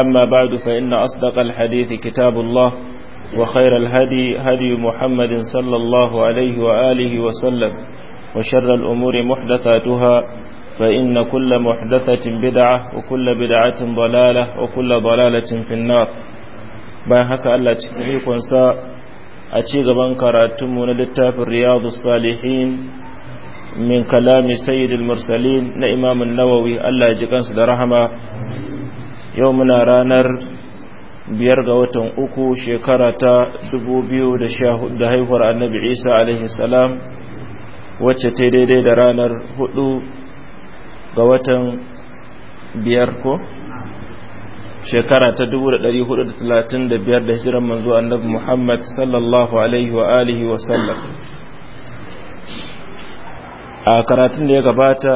أما بعد فإن أصدق الحديث كتاب الله وخير الهدي هدي محمد صلى الله عليه وآله وسلم وشر الأمور محدثاتها فإن كل محدثة بدعة وكل بدعة ضلالة وكل ضلالة في النار bayan haka Allah cikin ikonsa a ci gaban karatunmu na littafin riyadu salihin min kalamin sayyidul mursalin na imamun nawawi Allah ji kansu da rahama yau muna ranar biyar ga watan uku shekara ta dubu biyu da haihuwar annabi isa alaihi salam wacce ta daidai da ranar hudu ga watan biyar ko shekara ta dubu da dari hudu da talatin da biyar da shirin manzo annabi muhammad sallallahu alaihi wa alihi wa sallam a karatun da ya gabata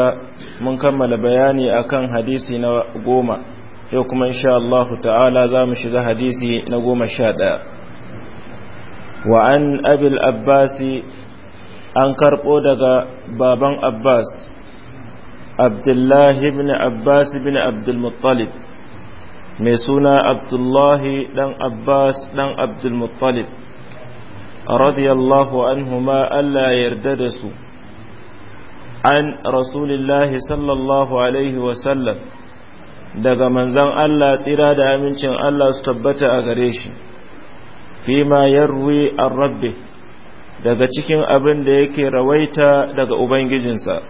mun kammala bayani akan hadisi na goma yau kuma insha Allah ta'ala za mu shiga hadisi na goma sha ɗaya wa an abil abbasi an karɓo daga baban abbas abdullahi bin abbas bin abdulmuttalib mai suna abdullahi ɗan abbas ɗan abdulmuttalib radiyallahu anhuma Allah yarda da su an rasulillahi sallallahu alaihi wasallam daga manzan Allah tsira da amincin Allah su tabbata a gare shi fima yarwi a rabbi daga cikin abin da yake rawaita daga ubangijinsa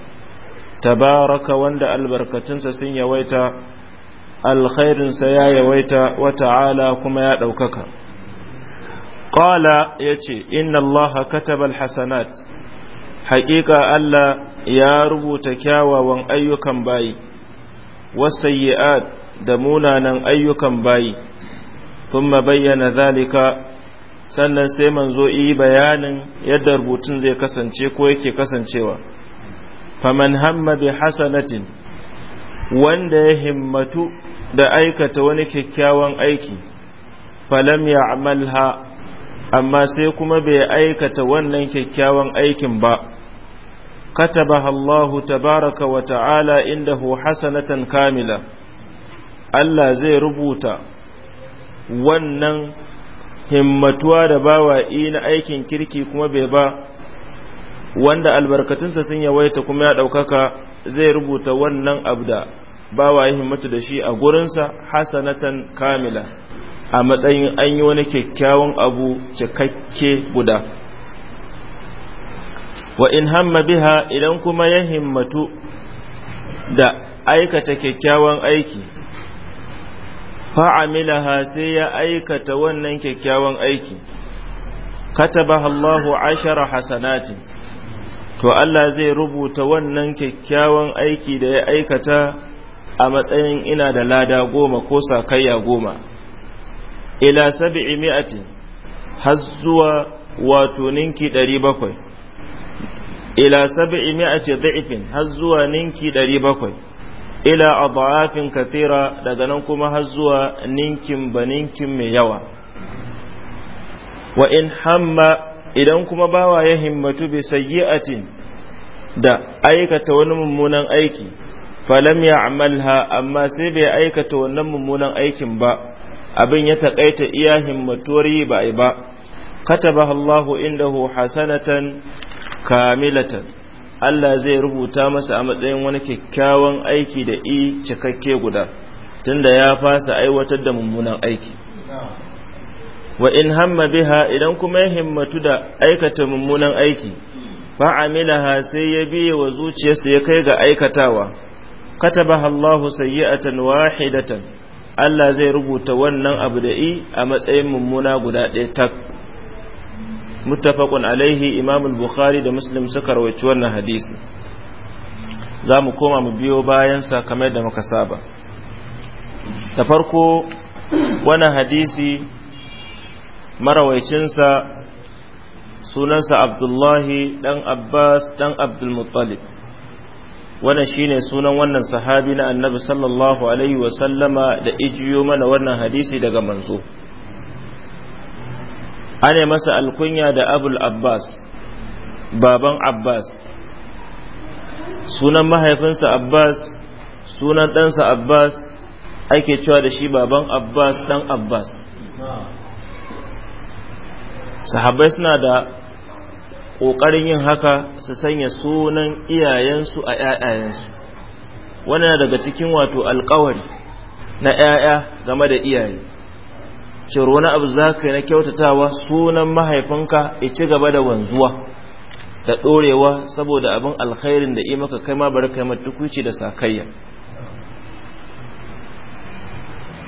tabaraka wanda albarkatunsa sun yawaita alkhairinsa ya yawaita wa ta'ala kuma ya ɗaukaka ƙala ya ce inna allaha kataba alhasanat haƙiƙa Allah ya rubuta kyawawan ayyukan bayi wasayyi'at da munanan ayyukan bayi thumma bayyana zalika sannan sai manzo yi bayanin yadda rubutun zai kasance ko yake kasancewa faman hamma bi wanda ya himmatu da aikata wani kyakkyawan aiki falam Ya-Amalha, amma sai kuma bai aikata wannan kyakkyawan aikin ba tabaraka الله تبارك وتعالى hu Hassanatan Kamila. Allah zai rubuta wannan himmatuwa da bawa na aikin kirki kuma bai ba wanda albarkatunsa sun yawaita kuma ya ɗaukaka zai rubuta wannan abu da bawa ya himmatu da shi a gurinsa Hassanatan kamila a matsayin anyi wani kyakkyawan abu cikakke guda. wa in hamma biha idan kuma ya himmatu da aikata kyakkyawan aiki fa'amilaha sai ya aikata wannan kyakkyawan aiki kataba Allahu ashara hasanati to Allah zai rubuta wannan kyakkyawan aiki da ya aikata a matsayin ina da lada goma ko sakayya goma ila sabi'i mi'atin har zuwa wato ninki ɗari bakwai ila sab'i mi'ati dha'fin har zuwa ninki 700 ila adhafin kasira daga nan kuma har zuwa ninkin baninkin mai yawa wa in hamma idan kuma bawa ya himmatu bi sayyi'atin da aikata wani mummunan aiki falam ya'malha amma sai bai aikata wannan mummunan aikin ba abin ya takaita iya himmatuwar yi ba ai ba katabaha Allahu indahu hasanatan kamilatan Allah zai rubuta masa a matsayin wani kyakkyawan aiki da i cikakke guda tunda ya fasa aiwatar da mummunan aiki wa in hamma biha idan kuma ya himmatu da aikata mummunan aiki amilaha sai ya biye wa zuciyarsa ya kai ga aikatawa kataba Allahu sayyi'atan wahidatan Allah zai rubuta wannan abu da i a matsayin mummuna guda ɗaya tak muttafaqun alaihi imam bukhari da muslim suka rawaici wannan hadisi za mu koma mu biyo bayan sa kamar da muka saba da farko wannan hadisi marawaicinsa sunansa abdullahi dan abbas dan abdulmuttalib wannan shine sunan wannan sahabi na annabi sallallahu alaihi wasallama da ijiyo mana wannan hadisi daga manzo ana masa alkunya da abul abbas baban abbas sunan mahaifinsa abbas sunan ɗansa abbas ake cewa da shi baban abbas ɗan abbas sahabbai suna da ƙoƙarin yin haka su sanya sunan iyayensu a ‘ya'yayensu wannan daga cikin wato alkawari na ‘ya'ya game da iyaye cewar wani abu za ka yi na kyautatawa sunan mahaifinka ya ci gaba da wanzuwa da ɗorewa saboda abin alkhairin da maka kai ma bari kai matukuci da sakayya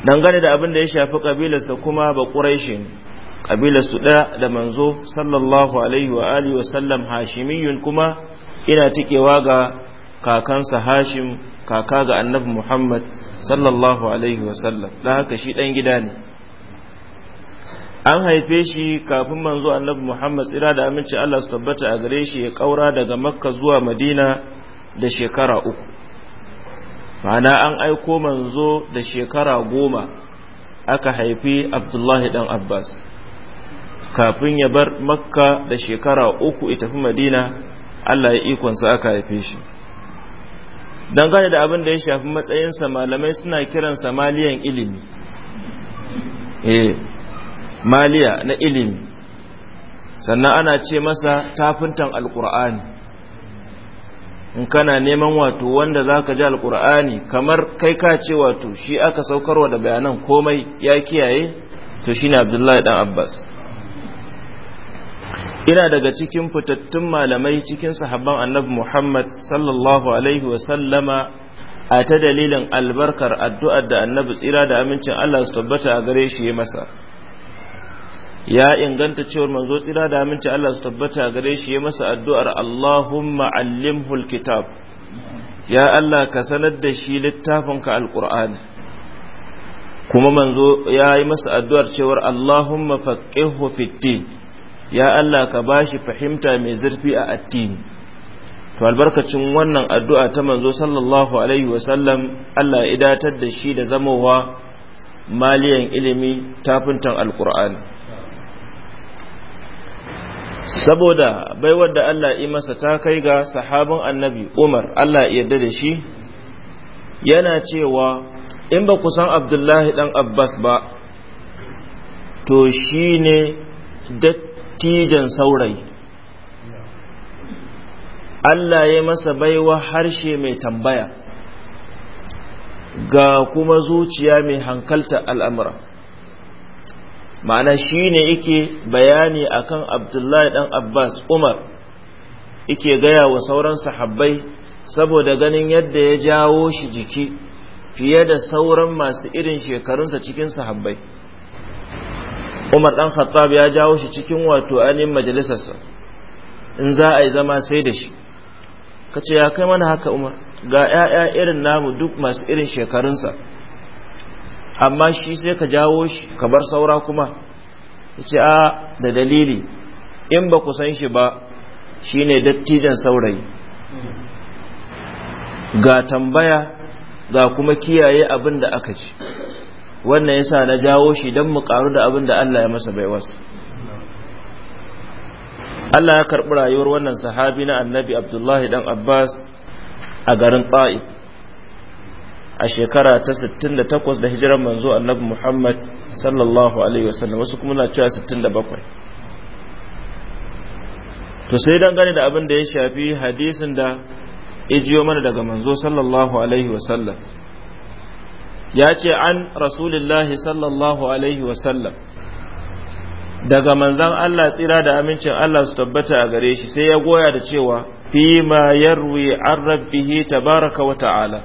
dangane da abin da ya shafi kabilarsa kuma ba ƙuraishe ne ƙabilarsu ɗaya da manzo sallallahu alaihi wa alihi wa sallam hashimiyun kuma ina cikewa ga kakansa hashim kaka ga annabi muhammad sallallahu alaihi wa sallam da haka shi ɗan gida ne an haife shi kafin manzo annabi Muhammad tsira da aminci Allah su tabbata a gare shi ya kaura daga Makka zuwa Madina da shekara uku ma'ana an aiko manzo da shekara goma aka haifi Abdullahi dan Abbas kafin ya bar Makka da shekara uku ya tafi Madina Allah ya ikonsa aka haife shi dangane da abin da ya shafi matsayinsa malamai suna kiransa maliyan ilimi eh maliya na ilimi sannan ana ce masa tafintan alkur'ani in kana neman wato wanda za ka ji alkur'ani kamar kai ka ce wato shi aka saukarwa da bayanan komai ya kiyaye to shi ne abdullahi dan abbas ina daga cikin fitattun malamai cikin sahabban annabi muhammad sallallahu alaihi wasallama a ta dalilin albarkar addu'ar da annabi tsira da amincin allah su tabbata a gare shi ya masa ya inganta cewar manzo tsira da aminci Allah su tabbata gare shi ya masa addu'ar Allahumma allimhu alkitab ya Allah ka sanar da shi littafin littafinka alqur'ani kuma manzo ya yi masa addu'ar cewar Allahumma faqihhu fiddin ya Allah ka bashi fahimta mai zurfi a addini to albarkacin wannan addu'a ta manzo sallallahu alaihi wasallam Allah ya idatar da shi da zamowa maliyan ilimi tafintan alqur'ani saboda baiwar da Allah yi masa ta kai ga sahabin annabi Umar Allah ya yarda da shi yana cewa in ba ku san Abdullahi dan Abbas ba to shi ne dattijan saurayi Allah ya masa baiwa harshe mai tambaya ga kuma zuciya mai hankalta al'amura ma'ana shi ne yake bayani akan abdullahi dan abbas umar yake gaya wa sauran sahabbai saboda ganin yadda ya jawo shi jiki fiye da sauran masu irin shekarunsa cikin sahabbai umar dan khattab ya jawo shi cikin wato ainihin majalisarsa in za a yi zama sai da shi Kace ya kai mana haka umar ga 'ya'ya irin namu duk masu irin shekarunsa amma shi sai ka jawo shi ka bar saura kuma ce a da dalili in ba ku san shi ba shi ne dattijan saurayi ga tambaya ga kuma kiyaye abin da aka ci wannan yasa na jawo shi don mu karu da abin da Allah ya masa bai wasu. Allah ya karɓi rayuwar wannan sahabi na annabi Abdullahi dan Abbas a garin ƙa'i a shekara ta 68 da hijiran manzo annabi Muhammad sallallahu alaihi wasallam wasu kuma na cewa 67 to sai gane da abin da ya shafi hadisin da ijiyo mana daga manzo sallallahu alaihi wasallam ya ce an rasulillahi sallallahu alaihi wasallam daga manzan Allah tsira da amincin Allah su tabbata a gare shi sai ya goya da cewa fi ma yarwi an rabbihi tabaraka wa ta'ala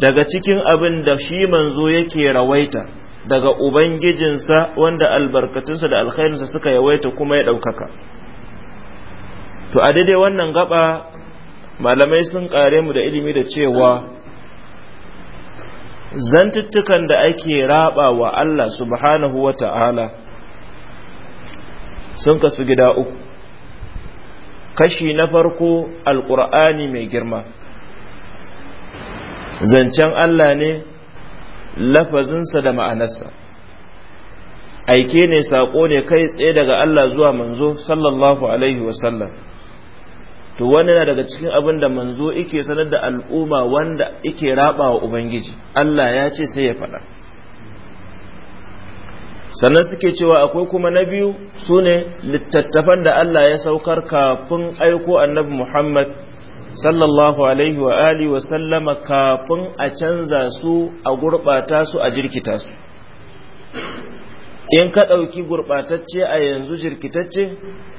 daga cikin abin da shi manzo yake rawaita daga ubangijinsa wanda albarkatunsa da alkhairinsa suka yawaita kuma ya ɗaukaka to a daidai wannan gaba malamai sun ƙare mu da ilimi da cewa zantuttukan da ake raba wa Allah subhanahu wa ta'ala sun kasu gida uku kashi na farko alƙur'ani mai girma zancen Allah ne lafazinsa da ma'anarsa aike ne saƙo ne kai tsaye daga Allah zuwa manzo sallallahu alaihi wasallam to wani na daga cikin abin da manzo ike sanar da al'umma wanda ike raba wa ubangiji Allah ya ce sai ya faɗa sannan suke cewa akwai kuma na biyu su ne littattafan da Allah ya saukar kafin aiko annabi Muhammad sallallahu alaihi wa alihi wa sallama kafin a canza su a gurɓata su a jirkita su in ka ɗauki gurɓatacce a yanzu jirkitacce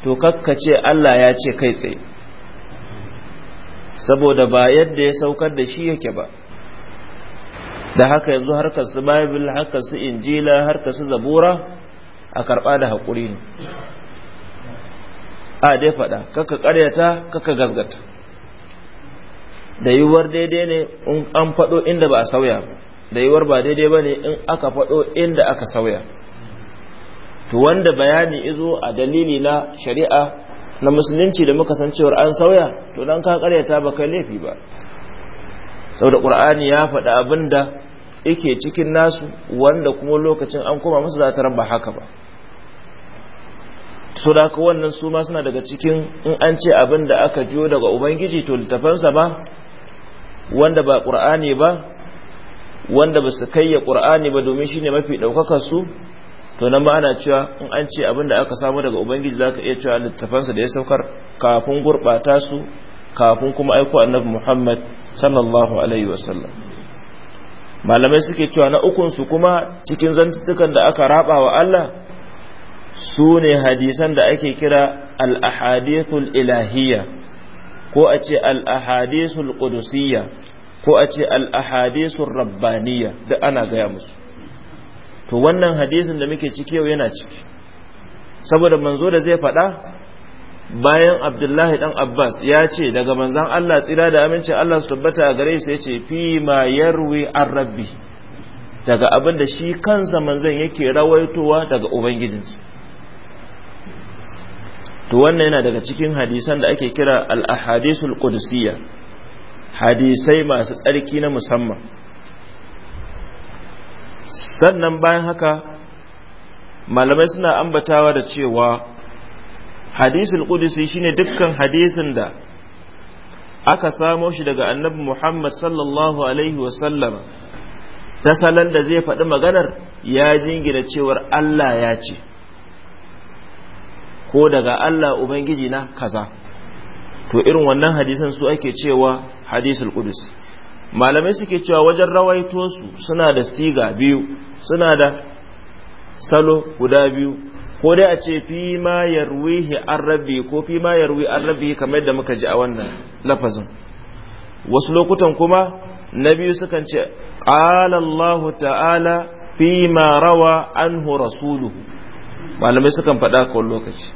to ce Allah ya ce kai tsaye saboda ba yadda ya saukar da shi yake ba da haka yanzu harkar su bible harkar su injila harkar su zabura a karɓa da haƙuri ne a dai faɗa kaka ƙaryata kaka gazgata. da yiwuwar daidai ne in an faɗo inda ba a sauya da yiwuwar ba daidai ba ne in aka faɗo inda aka sauya to wanda bayani izo a dalili na shari'a na musulunci da muka san cewar an sauya to dan ka karyata ba kai laifi ba saboda qur'ani ya faɗa abinda yake cikin nasu wanda kuma lokacin an koma musu za ta ba haka ba so da haka wannan su ma suna daga cikin in an ce abin da aka jiyo daga ubangiji to littafansa ba wanda ba qur'ani ba wanda ba su kayya qur'ani ba domin shine mafi daukakar su to nan ma ana cewa in an ce abin da aka samu daga ubangiji zaka iya cewa littafansa da ya saukar kafin gurbata su kafin kuma aiko annabi Muhammad sallallahu alaihi wasallam malamai suke cewa na ukun su kuma cikin zantukan da aka raba wa Allah su ne hadisan da ake kira al-ahadithul ilahiyya ko a ce al-ahadisul ko a ce al rabbaniya rabbaniyya ana gaya musu to wannan hadisin da muke ciki yau yana ciki saboda manzo da zai faɗa bayan abdullahi ɗan abbas ya ce daga manzan allah tsira da aminci allah su tabbata a gare sai ya ce fi ma yarwi an rabbi daga abin da shi kansa manzan yake rawaitowa daga ubangijinsa to wannan yana daga cikin hadisan da ake kira al-ahadisul qudsiyya hadisai masu tsarki na musamman sannan bayan haka malamai suna ambatawa da cewa hadisul qudsi shine dukkan hadisin da aka samo shi daga annabi Muhammad sallallahu alaihi wasallam ta salon da zai faɗi maganar ya jingina cewar Allah ya ce ko daga Allah ubangiji na kaza to irin wannan hadisan su ake cewa hadisul qudus malamai suke cewa wajen rawaito su suna da siga biyu suna da salo guda biyu ko dai a ce fi ma yarwihi an ko fi ma yarwi an kamar da muka ji a wannan lafazin wasu lokutan kuma na biyu sukan ce qala Allah ta'ala fi ma rawa anhu rasuluhu malamai sukan faɗa ko lokaci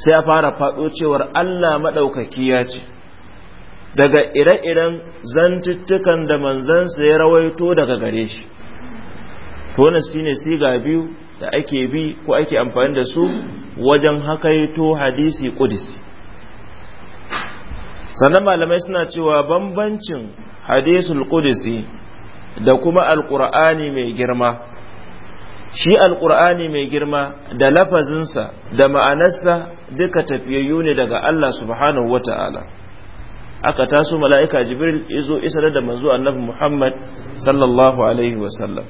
sai a fara faɗo cewar Allah maɗaukaki ya ce daga ire-iren zantuttukan da manzansa ya rawaito daga gare shi tonas ne siga biyu da ake bi ko ake amfani da su wajen hakaito hadisi kudisi sannan malamai suna cewa bambancin hadisul kudisi da kuma alkur'ani mai girma shi alkur'ani mai girma da lafazinsa da ma'anarsa duka tafiyayyu ne daga Allah subhanahu wata'ala aka taso mala'ika jibril izo isar da manzo annabi Muhammad sallallahu alaihi wasallam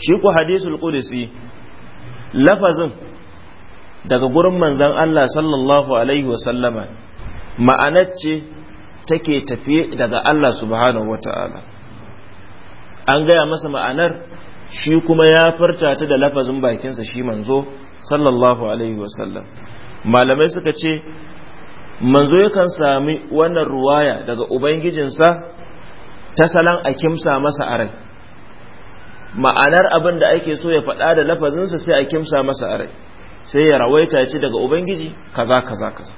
shi ku hadisul qudsi lafazin daga gurin manzon Allah sallallahu alaihi wasallama ma'anar ce take tafiye daga Allah subhanahu wata'ala an gaya masa ma'anar shi kuma ya farta ta da lafazin bakinsa shi manzo sallallahu alaihi wasallam malamai suka ce manzo yakan sami wannan ruwaya daga ubangijinsa ta salon a kimsa masa arai. ma'anar abin da ake so ya faɗa da lafazinsa sai a kimsa masa a sai ya rawaita ce daga ubangiji kaza kaza kaza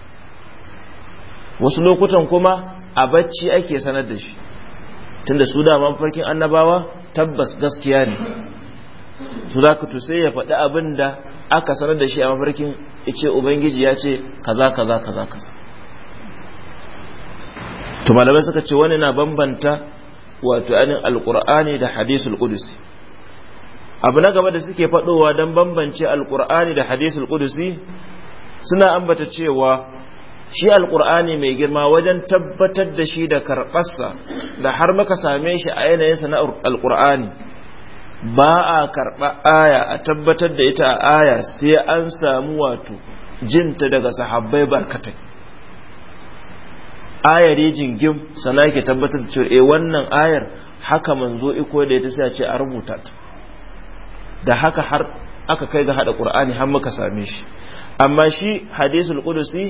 wasu lokutan kuma a bacci ake sanar da shi tunda su dama mafarkin annabawa tabbas gaskiya ne su za ku sai ya faɗi abin da aka sanar da shi a mafarkin ice ubangiji ya ce kaza kaza kaza kaza to malamai suka ce wani na bambanta wato anin alkur'ani da hadisul abu na gaba da suke faɗowa don bambance alkur'ani da hadisul kudusi suna ambata cewa shi alkur'ani mai girma wajen tabbatar da shi da karɓarsa da har muka same shi a yanayinsa na alkur'ani ba a karɓa aya a tabbatar da ita a aya sai an samu wato jinta daga sahabbai barkatai ayar yi jingim sana ke tabbatar da cewa e wannan ayar haka manzo iko da ita sai a ce a rubuta ta da haka har aka kai ga hada qur'ani har muka same shi amma shi hadisul qudusi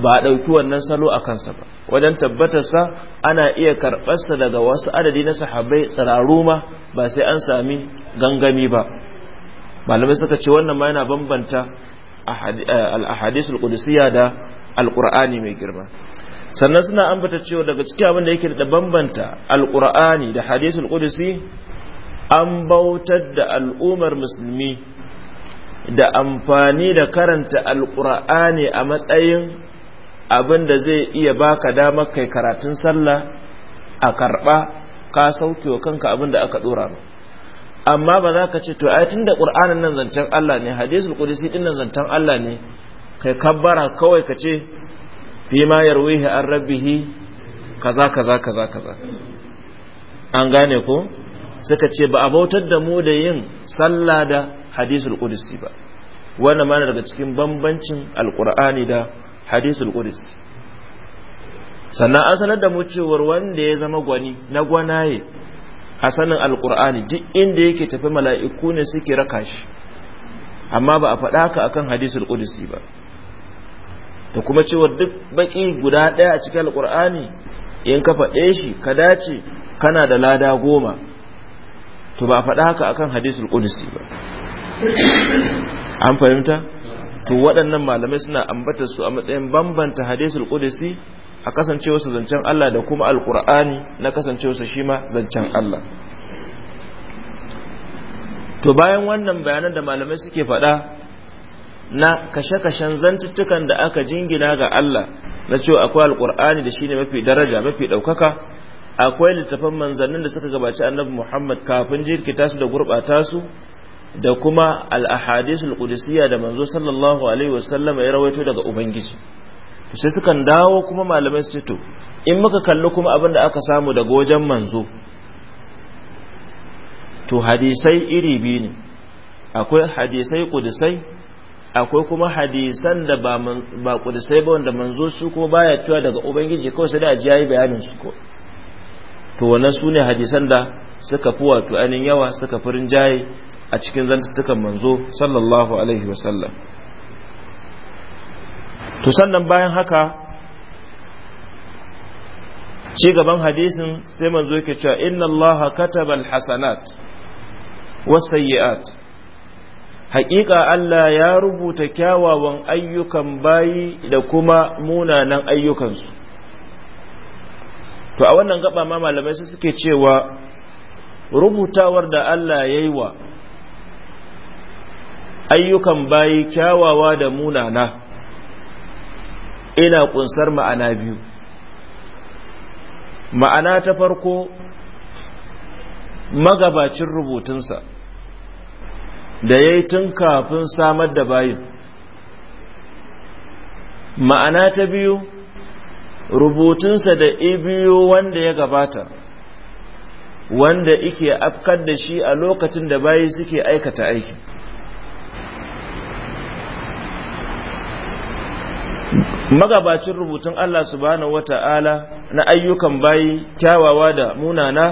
ba a ɗauki wannan salo a kansa ba wajen tabbatarsa ana iya karɓarsa daga wasu adadi na sahabai tsararru ma ba sai an sami gangami ba malamai suka ce wannan ma yana bambanta eh, al-ahadisul qudusiyya da al-qur'ani mai girma sannan suna ambata cewa daga cikin abin da yake da bambanta alkur'ani da hadisul qudusi an bautar da al'ummar musulmi da amfani da karanta alkur'ani a matsayin abin da zai iya baka damar kai karatun sallah a karɓa ka sauke wa kanka abin da aka ɗora ba amma ba za ka ce to ai tunda qur'anin nan zancen Allah ne hadisul qudusi din nan zancen Allah ne kai kabbara kawai ka ce fi ma yarwihi an rabbihi kaza kaza kaza kaza an gane ko suka ce ba a bautar da mu da yin sallah da hadisul qudusi ba wannan mana daga cikin bambancin alqur'ani da hadisul qudus sannan an sanar da mu cewar wanda ya zama gwani na gwanaye a sanin alkur'ani duk inda yake tafi mala'iku ne suke raka shi amma ba a faɗa ka akan hadisul qudus ba da kuma cewa duk baki guda ɗaya a cikin alkur'ani in ka faɗe shi ka dace kana da lada goma to ba a faɗa ka akan hadisul qudus ba an fahimta to waɗannan malamai suna ambata su a matsayin bambanta hadisul qudsi a kasancewa su zancen Allah da kuma alqur'ani na kasancewa su shima zancen Allah to bayan wannan bayanan da malamai suke faɗa na kashe-kashen zantuttukan da aka jingina ga Allah na cewa akwai alkur'ani da shine mafi daraja mafi ɗaukaka akwai littafan manzannin da suka gabaci annabi Muhammad kafin jirki tasu da gurɓata su da kuma al-ahadisul da manzo sallallahu alaihi wasallam ya rawaito daga ubangiji sai sukan dawo kuma malamai su to in muka kalli kuma abin da aka samu daga wajen manzo to hadisai iri biyu ne akwai hadisai ƙudusai akwai kuma hadisan da ba ƙudusai ba wanda manzo su ko baya cewa daga ubangiji kawai sai da ajiya yi ko to wannan su hadisan da suka fi wato anin yawa suka fi rinjaye a cikin zantattukan manzo sallallahu alaihi wasallam to sannan bayan haka ci gaban hadisin sai manzo yake cewa inna allaha kataba alhasanat wasayyi'at haƙiƙa Allah ya rubuta kyawawan ayyukan bayi da kuma munanan ayyukansu to a wannan gaba ma malamai su suke cewa rubutawar da Allah ya yi wa ayyukan bayi kyawawa da munana ina kunsar ma'ana biyu ma'ana ta farko magabacin rubutunsa da ya yi tun kafin samar da bayin ma'ana ta biyu rubutunsa da ibiyo wanda ya gabata wanda ike afkar da shi a lokacin da bayi suke aikata aiki. magabacin rubutun Allah subhanahu wata'ala na ayyukan bayi kyawawa da munana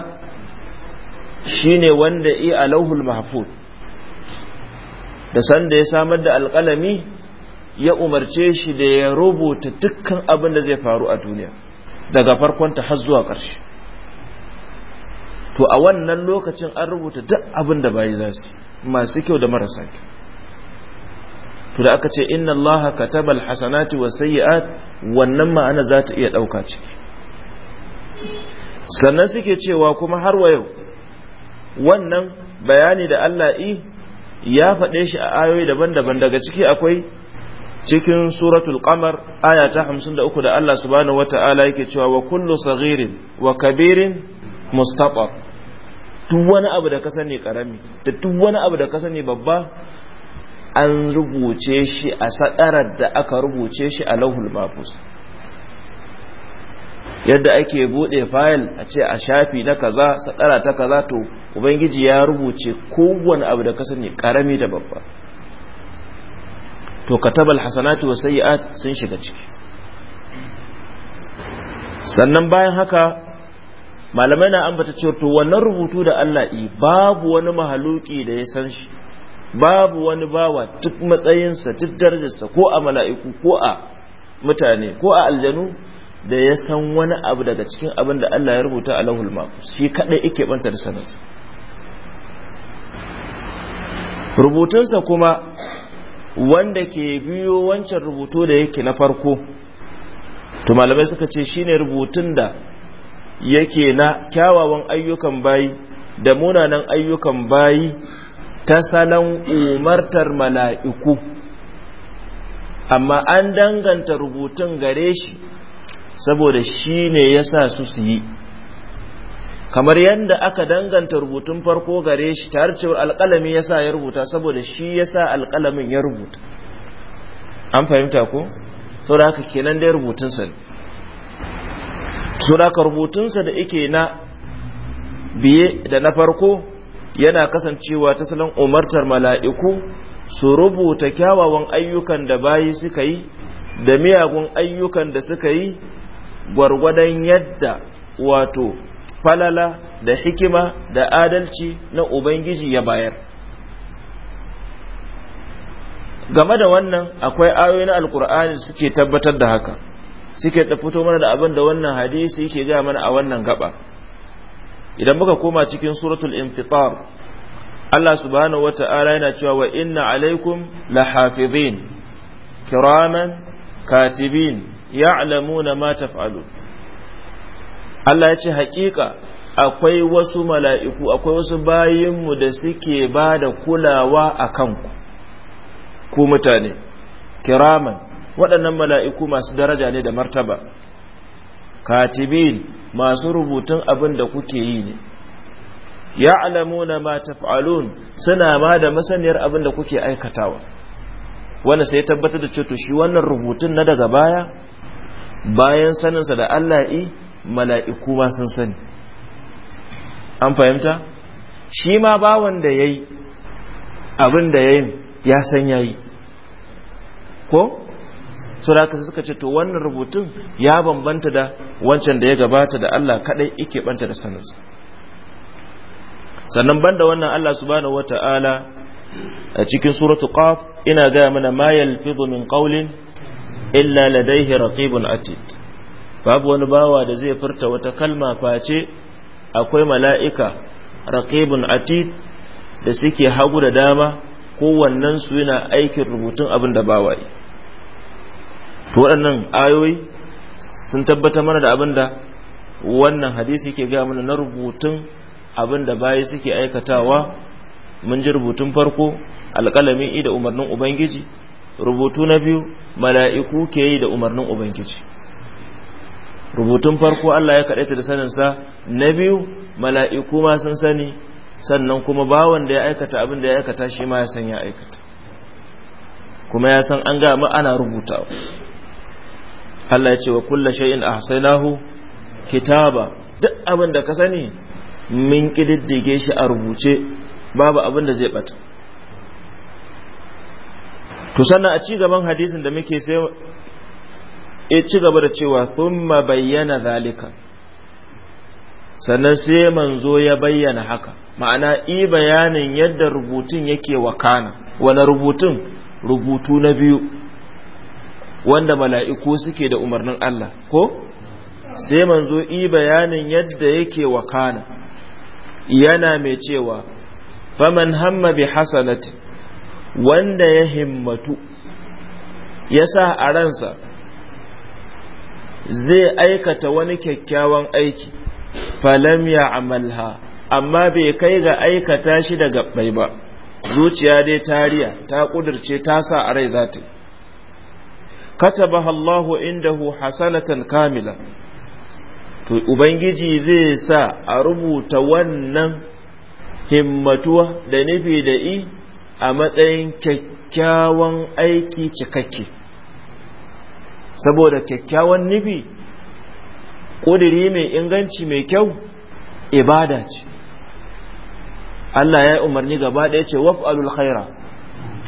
shine wanda i alauhul mahfud da sanda ya samar da alkalami ya umarce shi da ya rubuta dukkan abin da zai faru a duniya daga farkon ta har zuwa ƙarshe to a wannan lokacin an rubuta duk abin da bayi za su masu kyau da marasa kyau to da aka ce inna allaha hasanati wa sayyi'at wannan ma'ana za ta iya dauka ciki sannan suke cewa kuma har wa yau wannan bayani da Allah yi ya faɗe shi a ayoyi daban-daban daga ciki akwai cikin suratul qamar aya ta 53 da Allah subhanahu wata'ala yake cewa wa kullu saghirin wa kabirin mustaqar duk wani abu da ka sani karami da duk wani abu da ka sani babba an rubuce shi a sadarar da aka rubuce shi a lauhul mafus yadda ake bude fayil a ce a shafi na kaza sadara ta kaza to ubangiji ya rubuce kowane abu da ka sani karami da babba to katabal hasanatu wa sayyi'at sun shiga ciki sannan bayan haka malamai na ambata cewa to wannan rubutu da Allah yi babu wani mahaluki da ya san shi babu wani bawa duk matsayinsa duk darajarsa ko a mala'iku ko a mutane ko a aljanu da ya san wani abu daga cikin abin da Allah ya rubuta a lahul mafus shi kadai yake banta da sanarsa rubutunsa kuma wanda ke biyo wancan rubutu da yake na farko to malamai suka ce shine rubutun da yake na kyawawan ayyukan bayi da munanan ayyukan bayi ta salon umartar mala'iku amma an danganta rubutun gare shi saboda shi ne ya sa su su yi kamar yadda aka danganta rubutun farko gare shi tare cewar alƙalami ya sa ya rubuta saboda shi ya sa alƙalamin ya rubuta an fahimta ko? saboda haka kenan dai rubutunsa ne saboda haka rubutunsa da ike na biye da na farko yana kasancewa ta salon umartar mala'iku su rubuta kyawawan ayyukan da bayi suka yi da miyagun ayyukan da suka yi gwargwadon yadda wato falala da hikima da adalci na ubangiji ya bayar game da wannan akwai ayoyi na alkur'ani suke tabbatar da haka suke da fito mana da abin da wannan hadisi yake gaya mana a wannan gaba idan muka koma cikin suratul infitar Allah subhanahu wata'ala yana cewa wa inna alaikum lahafizin kiraman katibin ya'lamuna ma taf'alun Allah ya ce haƙiƙa akwai wasu mala'iku akwai wasu bayinmu da suke ba da kulawa a kanku ku mutane kiraman waɗannan mala'iku masu daraja ne da martaba katibin masu rubutun abin da kuke yi ne ya'lamuna ma taf'alun suna ma da masaniyar abin da kuke aikatawa wanda sai tabbatar da cutu shi wannan rubutun na daga baya bayan saninsa da Allah yi mala'iku ma sun sani an fahimta shi ma bawan da yi abin da ya yi ya san yi ko so da suka ce to wannan rubutun ya bambanta da wancan da ya gabata da Allah kadai yake banta da sanarsa sannan banda wannan Allah subhanahu wata'ala a cikin suratu qaf ina ga mana ma yalfidhu min qawlin illa ladayhi raqibun atid babu wani bawa da zai furta wata kalma face akwai mala'ika raqibun atid da suke hagu da dama kowannen su yana aikin rubutun abin da to waɗannan ayoyi sun tabbata mana da abin da wannan hadisi ke gaya mana na rubutun abin da bayi suke aikatawa mun ji rubutun farko alƙalami i da umarnin ubangiji rubutu na biyu mala'iku ke yi da umarnin ubangiji rubutun farko Allah ya kaɗaita da saninsa na biyu mala'iku ma sun sani sannan kuma bawan da ya aikata abin da ya aikata shi ma ya san ya aikata kuma ya san an gama ana rubutawa Allah ya ce wa kulla shay'in ahsaynahu kitaba duk abin da ka sani min kididdige shi a rubuce babu abin da zai bata to sannan a ci gaban hadisin da muke sai ya ci gaba da cewa thumma bayyana zalika sannan sai manzo ya bayyana haka ma'ana i bayanin yadda rubutun yake wakana wani rubutun rubutu na biyu wanda mala'iku suke da umarnin Allah ko sai manzo i bayanin yadda yake wakana yana mai cewa faman hamma bi hasanati wanda ya himmatu ya sa a ransa zai aikata wani kyakkyawan aiki falam ya amalha amma bai kai ga aikata shi da gabbai ba zuciya dai tariya ta kudirce ta sa a rai zata katabaha Allahu indahu hasanatan kamila to ubangiji zai sa a rubuta wannan himmatuwa da nufi da i a matsayin kyakkyawan aiki cikakke saboda kyakkyawan nufi ƙudiri mai inganci mai kyau ibada ce Allah ya umarni gaba ɗaya ce waf'alul khaira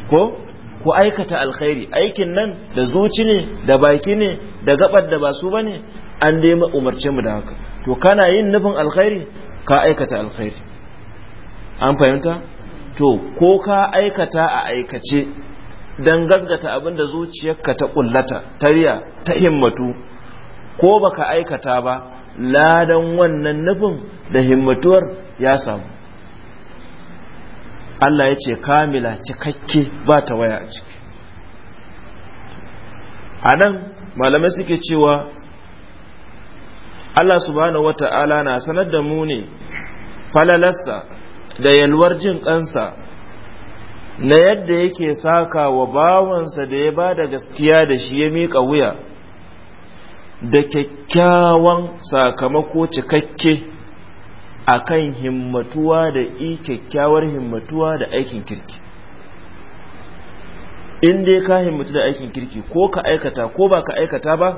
ko ku aikata alkhairi aikin nan da zuci ne da baki ne da gabar da ba su bane an dai umarce mu da haka to kana yin nufin alkhairi ka aikata alkhairi an fahimta to ko ka aikata a aikace dan gasgata abin da zuciyarka ta kullata tariya ta himmatu ko baka aikata ba ladan wannan nufin da himmatuwar ya samu Allah ya ce kamila cikakke ba ta waya a ciki a nan malamai suke cewa Allah subhanahu wata'ala na sanar da mu ne falalarsa da yalwar jin kansa na yadda yake saka wa bawansa da ya ba da gaskiya da shi ya miƙa wuya da kyakkyawan sakamako cikakke akan himmatuwa da i kyakkyawar himmatuwa da aikin kirki in dai ka himmatu da aikin kirki ko ka aikata ko ba ka aikata ba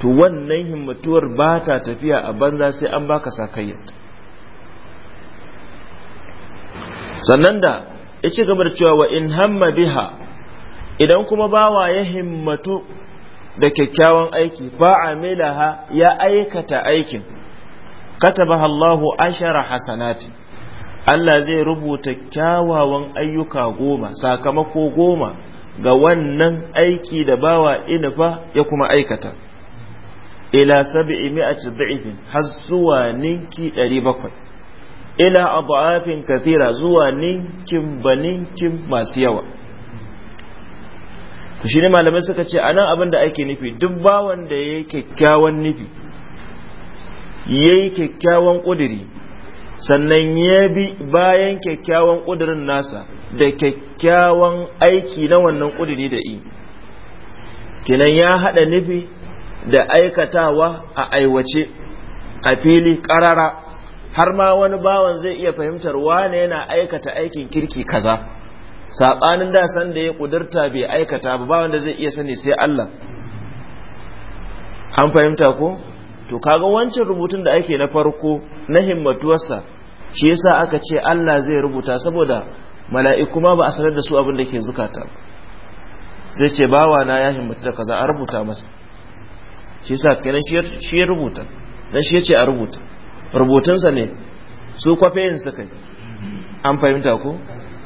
to wannan himmatuwar ba ta tafiya a banza sai an baka sakayyata sannan da ya ci gaba da cewa wa in hamma biha idan kuma bawa ya himmatu da kyakkyawan aiki fa a ya aikata aikin katabaha Allahu ashara hasanati Allah zai rubuta kyawawan ayyuka goma sakamako goma ga wannan aiki da bawa inufa ya kuma aikata ila sab'i mi'ati dha'ifin har zuwa ninki 700 ila adafin kathira zuwa ninkin baninkin masu yawa to shine malamai suka ce anan abin da ake nufi duk bawan da yake kyakkyawan nufi yayi kyakkyawan ƙudiri sannan ya bi bayan kyakkyawan ƙudirin nasa da kyakkyawan aiki na wannan kudiri da i kinan ya haɗa nufi da aikatawa a aiwace a fili ƙarara har ma wani bawan zai iya fahimtar wane yana aikata aikin kirki kaza saɓanin da san da ya ƙudurta bai aikata ba bawan da zai iya sani sai Allah an fahimta ko to kaga wancan rubutun da ake na farko na himmatuwarsa shi yasa aka ce Allah zai rubuta saboda mala'iku ma ba a sanar da su abin da ke zukata zai ce bawa na ya himmatu da kaza a rubuta masa shi yasa kenan shi ya rubuta dan shi yace a rubuta rubutunsa ne su kwafeyin suka yi an fahimta ko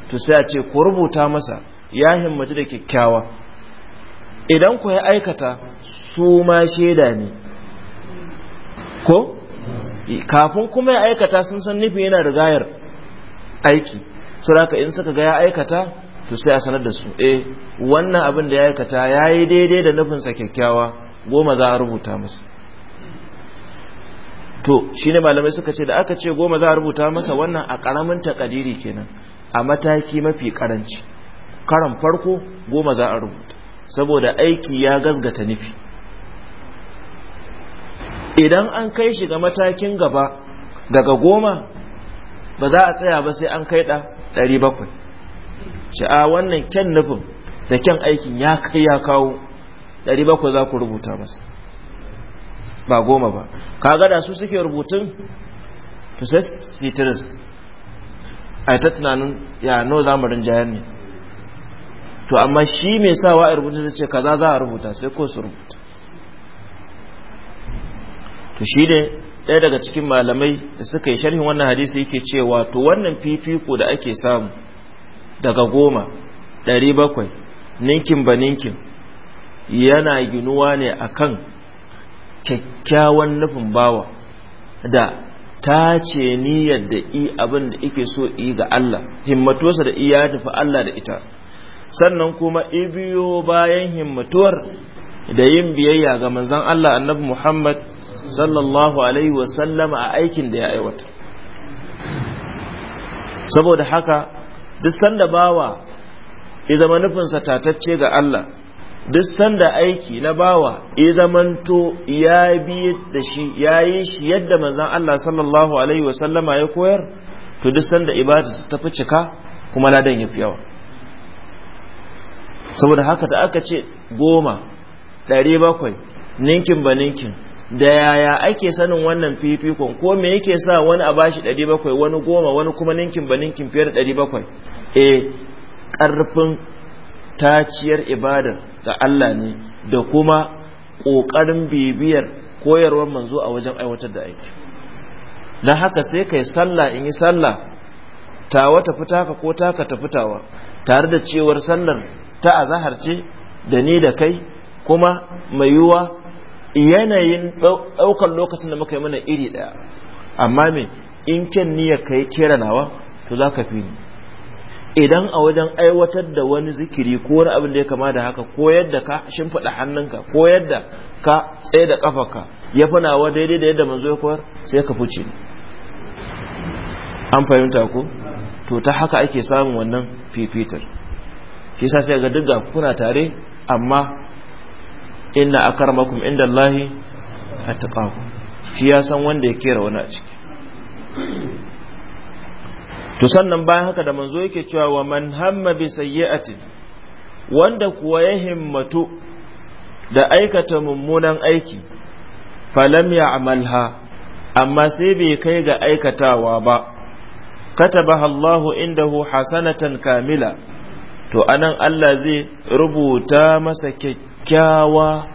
to sai a ce ku rubuta masa ya himmatu da kyakkyawa idan ku ya aikata su ma shaida ne ko kafin kuma ya aikata sun san nufi yana da gayar aiki su da in suka ga ya aikata to sai a sanar da su eh wannan abin da ya aikata ya yi daidai da nufinsa kyakkyawa goma za a rubuta masa to shi ne malamai suka ce da aka ce goma za a rubuta masa wannan a karamin takadiri kenan a mataki mafi karanci karan farko goma za a rubuta saboda aiki ya gazgata nufi idan an kai shi ga matakin gaba daga goma ba za a tsaya ba sai an kai ɗa ɗari bakwai sha'a wannan kyan nufin da kyan aikin ya kai ya kawo ɗari bakwai za ku rubuta masa ba goma ba ka da su suke rubutun to sai sitiris a ta tunanin ya no zamarin mu ne to amma shi mai sawa a rubuta zai ce kaza za a rubuta sai ko su rubuta to shi ne ɗaya daga cikin malamai da suka yi sharhin wannan hadisi yake cewa to wannan fifiko da ake samu daga goma ɗari bakwai ninkin ba ninkin yana ginuwa ne akan kyakkyawan nufin bawa da ta ce niyyar da i abin da ike so i ga Allah himmatuwarsa da iya tafi Allah da ita sannan kuma ibiyo bayan himmatuwar da yin biyayya ga manzon Allah annabi Muhammad sallallahu alaihi sallama. a aikin da ya aiwata saboda haka duk sanda bawa ya zama nufinsa tatacce ga Allah duk sanda aiki na bawa ya zamanto ya bi da shi ya yi shi yadda manzan Allah sallallahu alaihi wasallama ya koyar to duk sanda ibada ta fi cika kuma ladan ya fi yawa saboda haka da aka ce goma ɗari bakwai ninkin ba ninkin da yaya ake sanin wannan fifikon ko me yake sa wani a bashi 700 wani goma wani kuma ninkin ba ninkin fiye da 700 eh karfin taciyar ibadar ga Allah ne da kuma ƙoƙarin bibiyar koyarwar manzo a wajen aiwatar da aiki dan haka sai kai sallah in yi sallah tawa fita taka ko taka tafi tawa tare da cewar sallar ta azahar ce da ni da kai kuma mai yiwuwa yanayin ɗaukar lokacin da muka yi mana iri ɗaya amma me in kyan niyyar ka yi kera nawa to za ka fi ni idan a wajen aiwatar da wani zikiri ko wani abin da ya kama da haka ko yadda ka shimfiɗa hannunka ko yadda ka tsaye da ƙafarka ya fi nawa daidai da yadda manzo ya koyar sai ka fice an fahimta ko to ta haka ake samun wannan fifitar kisa sai ga duk kuna tare amma inna akarmakum inda Allahi shi ya san wanda ya kera wani a ciki to sannan bayan haka da manzo yake cewa wa man hamma bi sayyi'atin wanda kuwa ya himmatu da aikata mummunan aiki falam ya'malha amma sai bai kai ga aikatawa ba katabaha Allahu indahu hasanatan kamila to anan Allah zai rubuta masa kyakkyawa kyakkyawa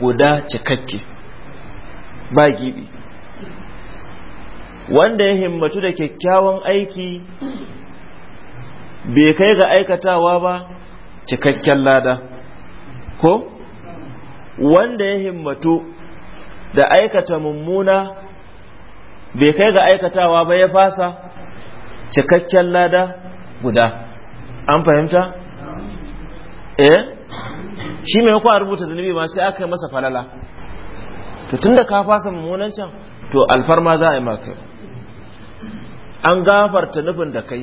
guda cikakke ba gibi wanda ya himmatu da kyakkyawan aiki bai kai ga aikatawa ba cikakken lada ko wanda ya himmatu da aikata mummuna bai kai ga aikatawa ba ya fasa cikakken lada guda an fahimta? eh shi mai a rubuta zunubi ma sai aka yi masa falala to tunda ka fasa mummunan can to alfarma za a yi maka an gafarta nufin da kai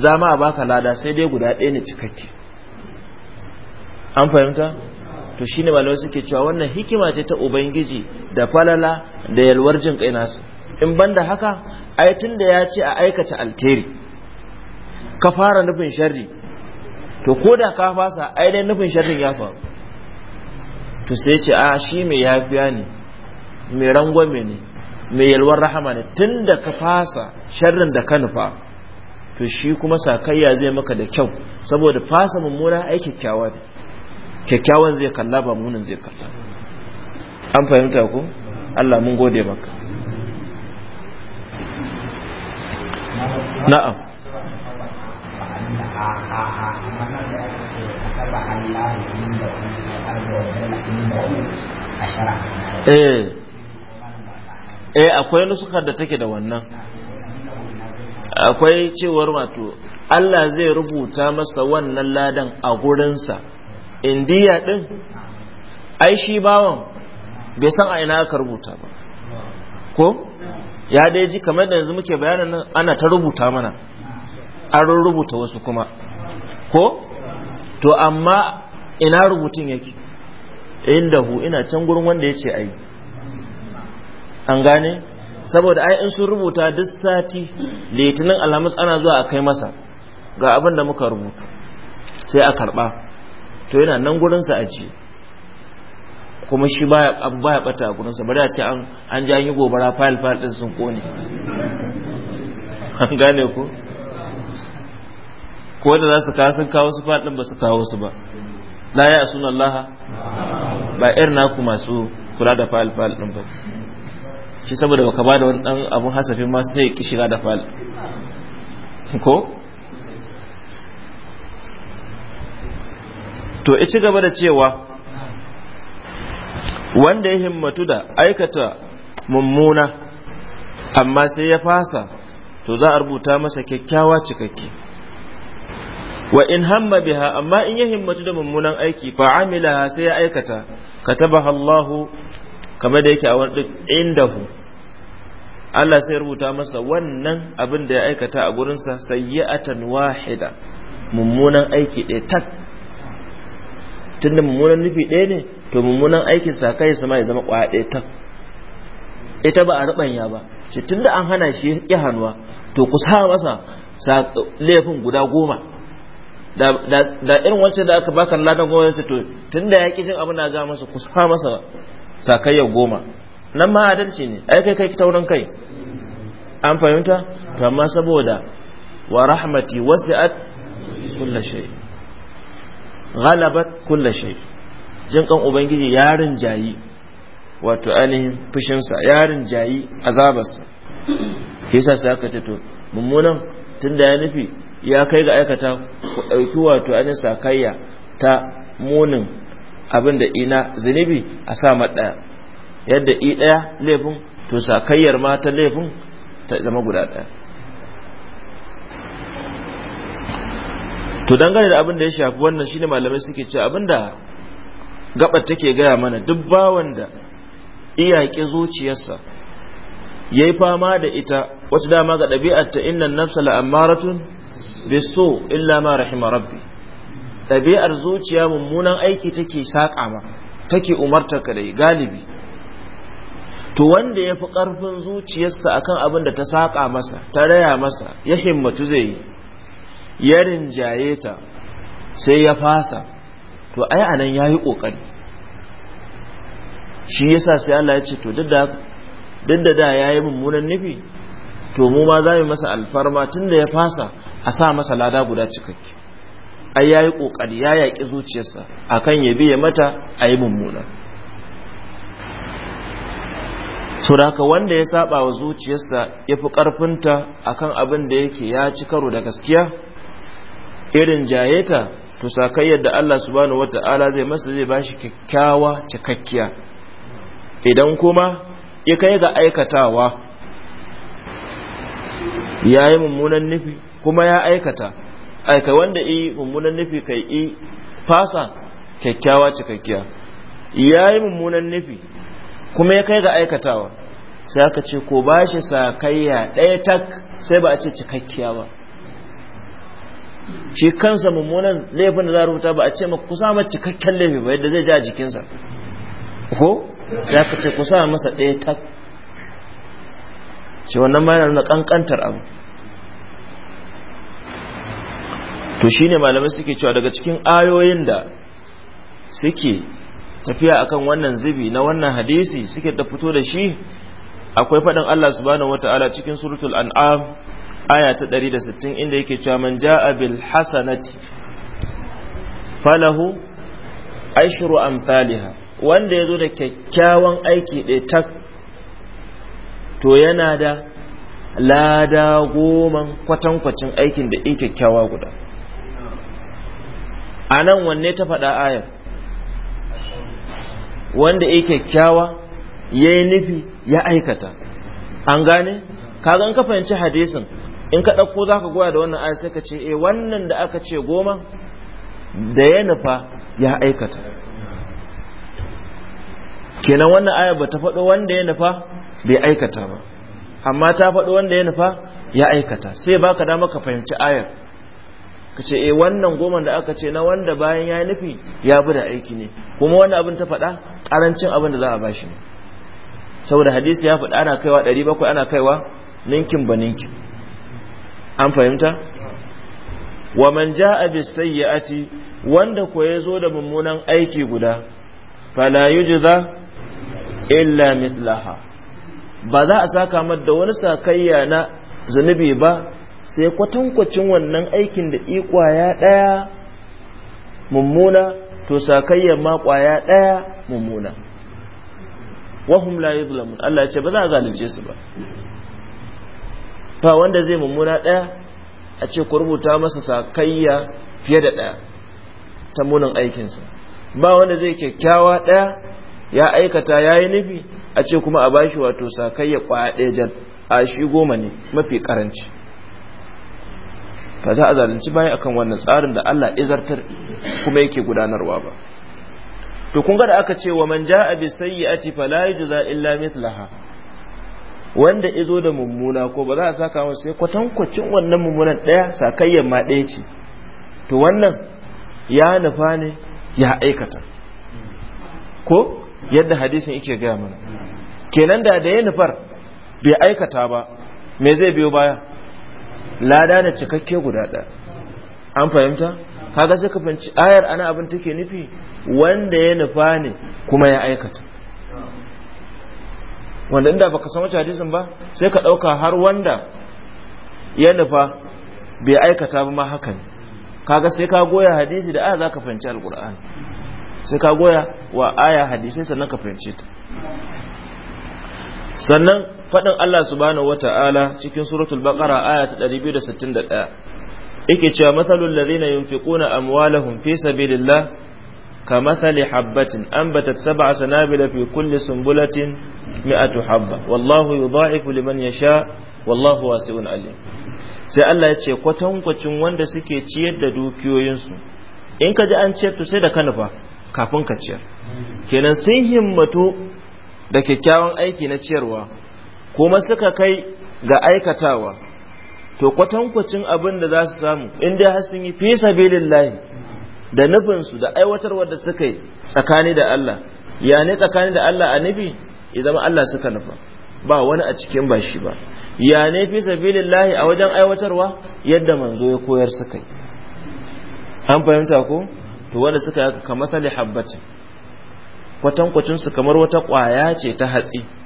za ma a baka lada sai dai guda ɗaya ne cikakke an fahimta to shi ne malamai suke cewa wannan hikima ce ta ubangiji da falala da yalwar jin kai nasu in ban da haka ai tun da ya ce a aikata alteri ka fara nufin sharri to ko da ka fasa ainihin nufin sharrin ya faru to sai ce a shi mai yafiya ne mai rangwame ne mai yalwar rahama ne tun da ka fasa sharrin da ka nufa to shi kuma sakayya zai maka da kyau saboda fasa mummuna ai kyakkyawa ne kyakkyawan zai kalla ba munin zai kalla an fahimta ku Allah mun gode maka na'am inna da da eh akwai nusukar da take da wannan akwai cewar wato Allah zai rubuta masa wannan ladan a gurinsa indiya din ai shi bawan bai san a ina aka rubuta ba ko ya dai ji kamar da yanzu muke bayanin ana ta rubuta mana an rubuta wasu kuma ko to amma ina rubutun yake indahu ina can gurin wanda ya ce ayi an gane saboda ai in sun rubuta duk sati litinin alhamis ana zuwa a kai masa ga abin da muka rubuta sai a karba to yana nan gurinsa a ji kuma shi abu baya bata a gurinsa bari a ce an ji an yi gobara fayil fayil din sun kone an gane ku ko da za su kawo sun kawo su faɗin ba su kawo su ba na ya asuna Allah ba irin naku masu kula da fa'al fa'al din ba shi saboda baka ba da wani dan abun hasafin ma sai ki shiga da fa'al ko to ya ci gaba da cewa wanda ya himmatu da aikata mummuna amma sai ya fasa to za a rubuta masa kyakkyawa cikakke wa in hamma biha amma in ya himmatu da mummunan aiki fa amila sai ya aikata katabaha Allah kamar da yake a wani indahu Allah sai rubuta masa wannan abin da ya aikata a gurinsa sayyatan wahida mummunan aiki ɗaya tak tunda mummunan nufi ɗaya ne to mummunan aikin sa kai sama ya zama ƙwaya ɗaya tak ita ba a rubanya ba tunda an hana shi ya hanuwa to ku sa masa laifin guda goma da irin wancan da aka baka ladan goma sai to tunda ya ki jin abin da ga masa kusa masa sakayyar goma nan ma adalci ne ai kai kai taurin kai an fahimta to amma saboda wa rahmati wasi'at kullu shay ghalabat kullu shay jin kan ubangiji yarin jayi wato ainihin fushinsa yarin jayi azabarsa yasa sai aka ce to mummunan tunda ya nufi ya kai ga aikata ku ɗauki wato ainihin sakayya ta munin abin da ina zunubi a sa maɗaya yadda i ɗaya laifin to sakayyar ma ta laifin ta zama guda ɗaya to dangane da abin da ya shafi wannan shine malamai suke cewa abin da gabar take gaya mana duk bawan da iyaki zuciyarsa ya yi fama da ita wata dama ga ɗabi'ar ta innan nafsa la'ammaratun biso illa ma rahima rabbi ɗabi'ar zuciya mummunan aiki take saƙa ma take umarta ka da galibi to wanda yafi fi ƙarfin zuciyarsa akan abin da ta saƙa masa ta raya masa ya himmatu zai yi ya rinjaye ta sai ya fasa to ai anan ya yi ƙoƙari shi yasa sai Allah ya ce to duk da da ya yi mummunan nufi to mu ma za mu masa alfarma tun da ya fasa a sa masa lada guda cikakke ai yayi ƙoƙari ya yaki zuciyarsa akan ya biye mata ayi mummuna so haka wanda ya saba wa zuciyarsa ya fi ta akan abin da yake ya ci karo da gaskiya irin jayeta to sakayyar da Allah subhanahu wata'ala zai masa zai bashi kyakkyawa cikakkiya idan kuma ya kai ga aikatawa ya yi mummunan nufi kuma ya aikata aika wanda i mummunan nufi kai i fasa kyakkyawa cikakkiya ya yi mummunan nufi kuma ya kai ga aikatawa sai aka ce ko ba shi sa ya ɗaya tak sai ba a ce cikakkiya ba shi kansa mummunan laifin da za rubuta ba a ce maka kusa ma cikakken laifi ba yadda zai ja jikinsa ko ya ka ce kusa masa ɗaya tak shi wannan ma yana nuna ƙanƙantar abu to shi ne malamai suke cewa daga cikin ayoyin da suke tafiya akan wannan zubi na wannan hadisi suke da fito da shi akwai faɗin Allah subhanahu wataala cikin suratul an'am aya ta 160 inda yake cewa man jaa bil hasanati falahu ashru amsalha wanda yazo da kyakkyawan aiki ɗaya tak to yana da lada goma kwatankwacin aikin da in kyakkyawa guda a nan wanne ta faɗa ayar wanda ya kyakkyawa ya yi nufi ya aikata an gane Ka in ka fahimci hadisin in ka ɗauko za ka goya da wannan ayar sai ka ce eh wannan da aka ce goma da ya nufa ya aikata kenan wannan ayar ba ta faɗo wanda ya nufa bai aikata ba amma ta faɗo wanda ya nufa ya aikata sai baka dama ka fahimci ayar ka ce eh wannan goman da aka ce na wanda bayan ya yi nufi ya bi da aiki ne kuma wani abin ta faɗa ƙarancin abin da za a shi ne saboda hadisi ya faɗa ana kaiwa bakwai ana kaiwa ninkin ba ninkin an fahimta wa man jaa bis wanda ko zo da mummunan aiki guda fala yujza illa mithlaha ba za a saka mar da wani sakayya na zunubi ba sai kwatankwacin wannan aikin da i ƙwaya ɗaya mummuna to sakayyar ma kwaya ɗaya mummuna wahum la yuzlamun Allah ya ce ba za a zalunce su ba fa wanda zai mummuna ɗaya a ce ku rubuta masa sakayya fiye da ɗaya ta munin aikinsa ba wanda zai kyakkyawa ɗaya ya aikata ya yi nufi a ce kuma a bashi wato sakayya kwaya ɗaya jan a shi goma ne mafi karanci ba za a zalunci baya akan wannan tsarin da Allah izartar kuma yake gudanarwa ba to kun ga da aka ce wa man ja'a bi sayyi'ati fala yujza illa mithlaha wanda izo da mummuna ko ba za a saka masa sai kwatankwacin wannan mummunan daya sakayyar ma daya ce to wannan ya nufa ne ya aikata ko yadda hadisin yake gaya mana kenan da da ya nufar bai aikata ba me zai biyo baya lada da cikakke guda ɗaya an fahimta kaga sai ka fahimci ayar ana abin take nufi wanda ya nufa ne kuma ya aikata wanda inda baka san wace hadisin ba sai ka ɗauka har wanda ya nufa bai aikata ba ma haka ne kaga sai ka goya hadisi da aya za ka fahimci alkur'ani sai ka goya wa aya hadisi sannan ka fahimci ta sannan faɗin Allah subhanahu wata'ala cikin suratul baqara aya ta 261 yake cewa masalul ladhina yunfiquna amwalahum fi sabilillah kamathali habbatin anbatat sab'a sanabila fi kulli sunbulatin mi'atu habba wallahu yudha'ifu liman yasha wallahu wasi'un alim sai Allah ya ce kwatankwacin wanda suke ciyar da dukiyoyinsu in ka ji an ciyar to sai da kanufa kafin ka ciyar kenan sun himmatu da kyakkyawan aiki na ciyarwa kuma suka kai ga aikatawa to kwatankwacin abin da za su samu inda har sun yi fi sabilillahi da nufinsu da aiwatarwar da suka yi tsakani da Allah ya ne tsakani da Allah a nufi ya zama Allah suka nufa ba wani a cikin ba shi ba ya ne fi sabilillahi a wajen aiwatarwa yadda manzo ya koyar suka yi an fahimta ko to wanda suka yi kamar habbatin kwatankwacin su kamar wata kwaya ce ta hatsi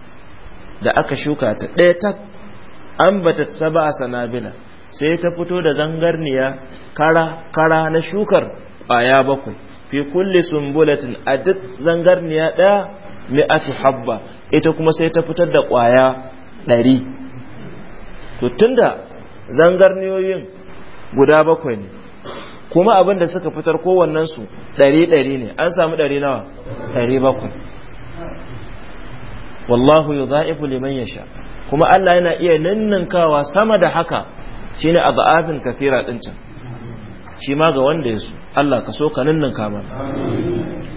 da aka shuka ta ɗaya ta an bata saba sanabila sai ta fito da zangarniya kara kara na shukar ƙwaya bakwai fi kulli sumbulatin a duk zangarniya ɗaya mi'atu habba ita kuma sai ta fitar da ƙwaya ɗari to tunda zangarniyoyin guda bakwai ne kuma abin da suka fitar kowannensu ɗari ɗari ne an samu ɗari nawa ɗari bakwai wallahu yudha'ifu liman yasha kuma Allah yana iya ninninkawa sama da haka shine azabin kafira din can shi ma ga wanda ya so Allah ka so ka nannanka mana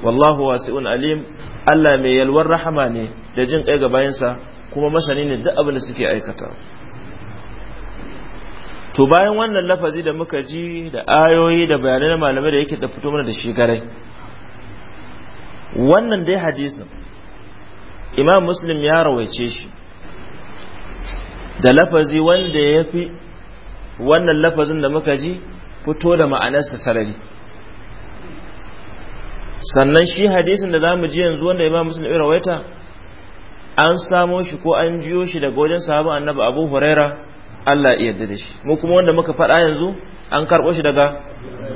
wallahu wasi'un alim Allah mai yalwar rahama ne da jin kai ga bayansa kuma masani ne duk abin da suke aikata to bayan wannan lafazi da muka ji da ayoyi da bayanai na malamai da yake da fito mana da shi garai wannan dai hadisin imam muslim ya rawaice shi da lafazi wanda ya fi wannan lafazin da muka ji fito da ma'anarsa sarari sannan shi hadisin da zamu ji yanzu wanda imam muslim ya rawaita an samo shi ko an jiyo shi daga wajen sabon annabi abu huraira Allah ya yarda da shi mu kuma wanda muka faɗa yanzu an karɓo shi daga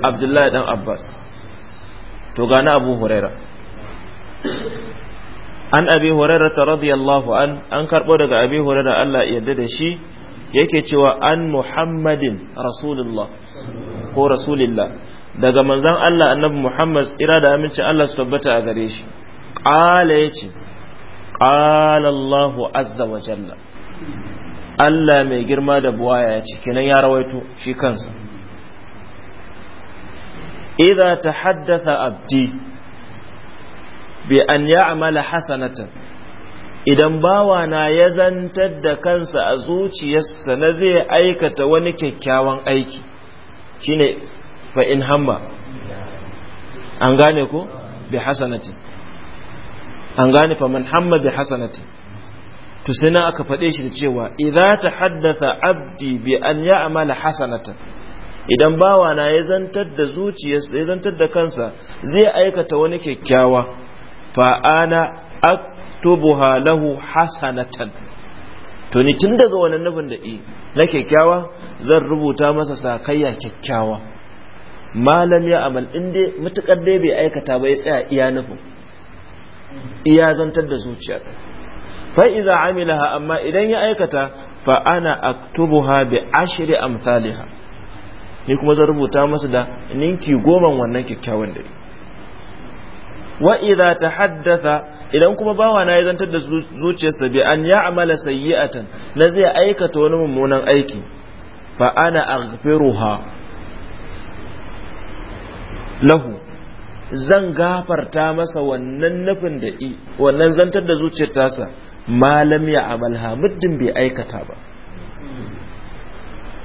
abdullahi dan abbas to gani abu huraira an abi hurairah radiyallahu an an karbo daga abi hurairah Allah yarda da shi yake cewa an muhammadin rasulullah ko rasulillah daga manzon Allah annabi Muhammad tsira da aminci Allah su tabbata a gare shi qala yace qala Allah azza wa jalla Allah mai girma da buwaya ce, kenan ya rawaito shi kansa idza tahaddatha abdi bi an ya'mala hasanatan idan na ya zantar da kansa a zuciyarsa na zai aikata wani kyakkyawan aiki shine fa in hamma an gane ko bi hasanati an gane fa man hamma bi hasanati to sai na aka faɗe shi da cewa idza tahaddatha abdi bi an ya'mala hasanatan idan na ya zantar da zuciyarsa ya zantar da kansa zai aikata wani kyakkyawa Fa'ana ana aktubuha lahu hasanatan to ni tun daga wannan nufin da i na kyakkyawa zan rubuta masa sakayya kyakkyawa malam ya amal in dai mutukar dai bai aikata ba ya tsaya iya nufin iya zantar da zuciyar fa iza amilaha amma idan ya aikata fa ana aktubuha bi ashri amsalha ni kuma zan rubuta masa da ninki goman wannan kyakkyawan dare wa idza tahaddatha idan kuma bawa na ya zantar da zuciyarsa bi an ya'mala sayyi'atan na zai aikata wani mummunan aiki fa ana aghfiruha lahu zan gafarta masa wannan nufin da i wannan zantar da zuciyar tasa malam ya amalha muddin bai aikata ba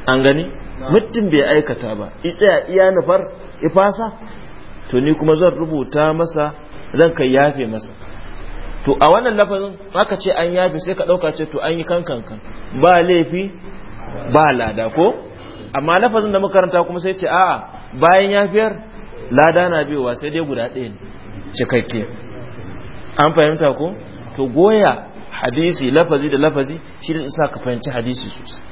an gani muddin bai aikata ba i tsaya iya nufar ifasa to ni kuma zan rubuta masa zan kai yafe masa to a wannan lafazin aka ce an yafe sai ka ɗauka ce to an yi kan ba laifi ba lada ko amma lafazin da makaranta kuma sai ce a'a bayan yafiyar lada na biyowa sai dai guda ɗaya ne cikakke an fahimta ko to goya hadisi lafazi da lafazi shi da sa ka fahimci hadisi sosai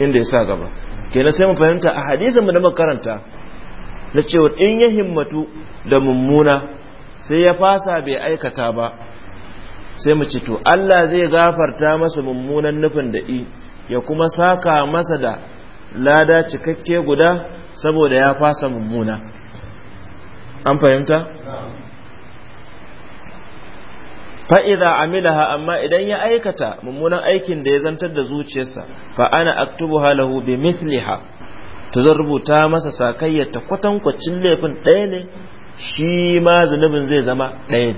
inda ya sa gaba kenan sai mu fahimta a hadisin mu da makaranta na cewa in ya himmatu da mummuna sai ya fasa bai aikata ba sai mu ci to Allah zai gafarta masa mummunan nufin da i ya kuma saka masa da lada cikakke guda saboda ya fasa mummuna an fahimta idza amilaha amma idan ya aikata mummunan aikin da ya zantar da zuciyarsa fa ana aktubu halahu bi misliha to zan rubuta masa sakayyar ta kwatankwacin laifin ɗaya ne shi ma zunubin zai zama ɗaya ne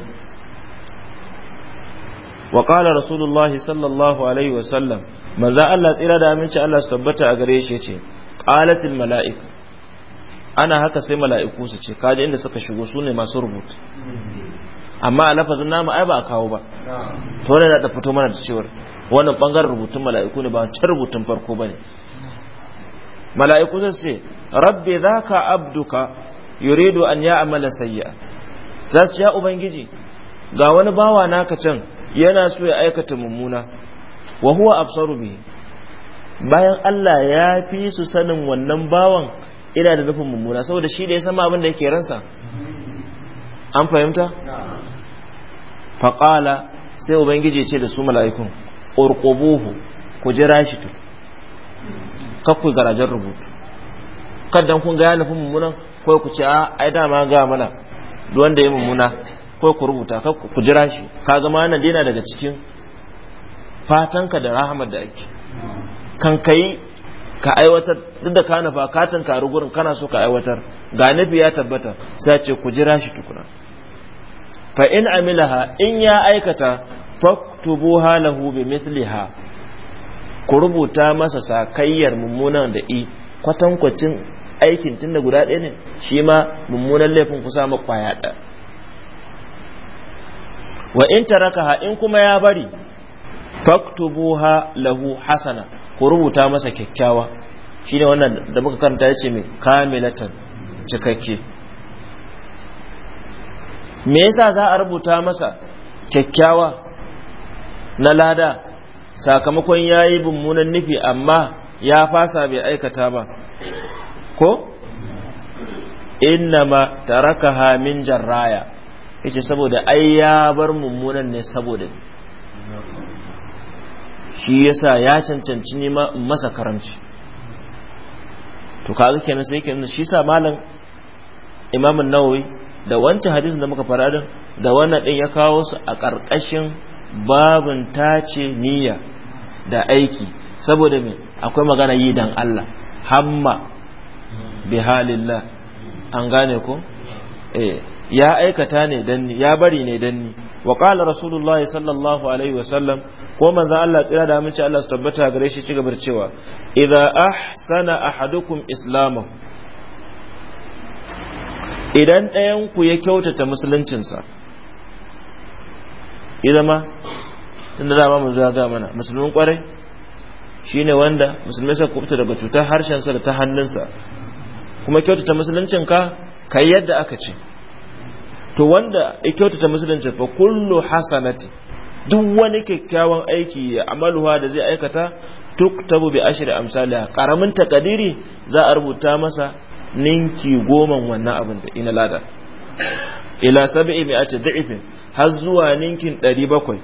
wa ƙala rasulullahi sallallahu alaihi wa sallam Allah tsira da aminci Allah su tabbata a gare shi yace ƙalatin mala'iku ana haka sai mala'iku su ce kaje inda suka shigo su ne masu rubutu amma a lafazin namu ai ba a kawo ba to ne da fito mana da cewar wannan bangaren rubutun mala'iku ne ba wancan rubutun farko ba ne. mala'iku zai ce rabbi zaka abduka yuridu an amala sayya za su ya ubangiji ga wani bawa naka can yana so ya aikata mummuna wa huwa absaru bi bayan Allah ya fi su sanin wannan bawan ina da nufin mummuna saboda shi da ya sama abin da yake ransa an fahimta faƙala sai ubangiji ce da su mala'ikun urqubuhu ku jira shi tu ku garajar rubutu kaddan kun ga ya nufi mummunan ko ku ce a ai dama ga mana wanda ya mummuna ko ku rubuta ka ku jira shi ka zama nan dina daga cikin fatanka da rahamar da ake kan kai ka aiwatar duk da ka katin ka tunkari gurin kana so ka aiwatar ga nabi ya tabbata sai ce ku jira shi tukuna fa in amilaha in ya aikata faktubuha lahu bi mithliha ku rubuta masa sakayyar mummunan da i kwatankwacin aikin tun da guda ɗaya ne shi ma mummunan laifin kusa ma kwaya ɗaya wa in ha, in kuma ya bari ha lahu hasana ku rubuta masa kyakkyawa shine wannan da muka karanta ce mai kamilatan cikakke me yasa za a rubuta masa kyakkyawa na lada sakamakon yayi mummunan nufi amma ya fasa bai aikata ba ko innama tarakaha min jarraya yace saboda ai ya bar mummunan ne saboda shi yasa ya cancanci ne masa karamci to kaga kenan sai kenan shi sa malam Imam Nawawi da wancan hadisin da muka fara din da wannan din ya kawo su a ƙarƙashin babun tace niyya da aiki saboda me akwai magana yi dan Allah hamma bihalillah an gane ku eh ya aikata ne danni ya bari ne danni wa qala rasulullahi sallallahu alaihi wa sallam ko manzo Allah tsira da aminci Allah su tabbata gare shi ci gabar cewa idza ahsana ahadukum islamu idan ɗayan ku ya kyautata musuluncinsa idan ma tunda dama mun zo ga mana musulmin kwarai shine wanda musulmai suka kubuta daga cutar harshensa da ta hannunsa kuma kyautata musuluncin ka kai yadda aka ce to wanda ya kyautata musulunci fa kullu hasanati duk wani kyakkyawan aiki ya amaluwa da zai aikata tuktabu bi ashri amsalha karamin takadiri za a rubuta masa ninki goman wannan abin da ina lada ila sab'i mi'ati dha'ifin har zuwa ninkin 700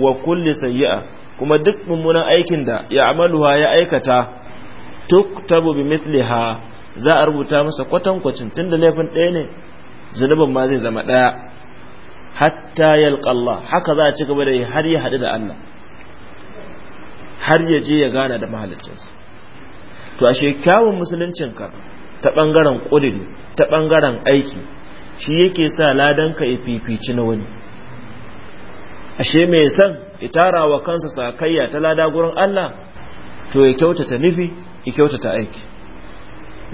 wa kulli sayyi'a kuma duk mummunan aikin da ya amaluwa ya aikata tabu bi misliha za a rubuta masa kwatankwacin tunda laifin ɗaya ne zunubin ma zai zama ɗaya hatta yalqa haka za a ci gaba da yi har ya haɗu da Allah har ya je ya gana da mahaliccinsa to a musuluncin musuluncinka ta ɓangaren ƙudiri ta ɓangaren aiki shi yake sa ladanka ya fifici na wani ashe mai san itara wa kansa sakayya ta lada gurin Allah to ya kyautata nufi ya kyautata aiki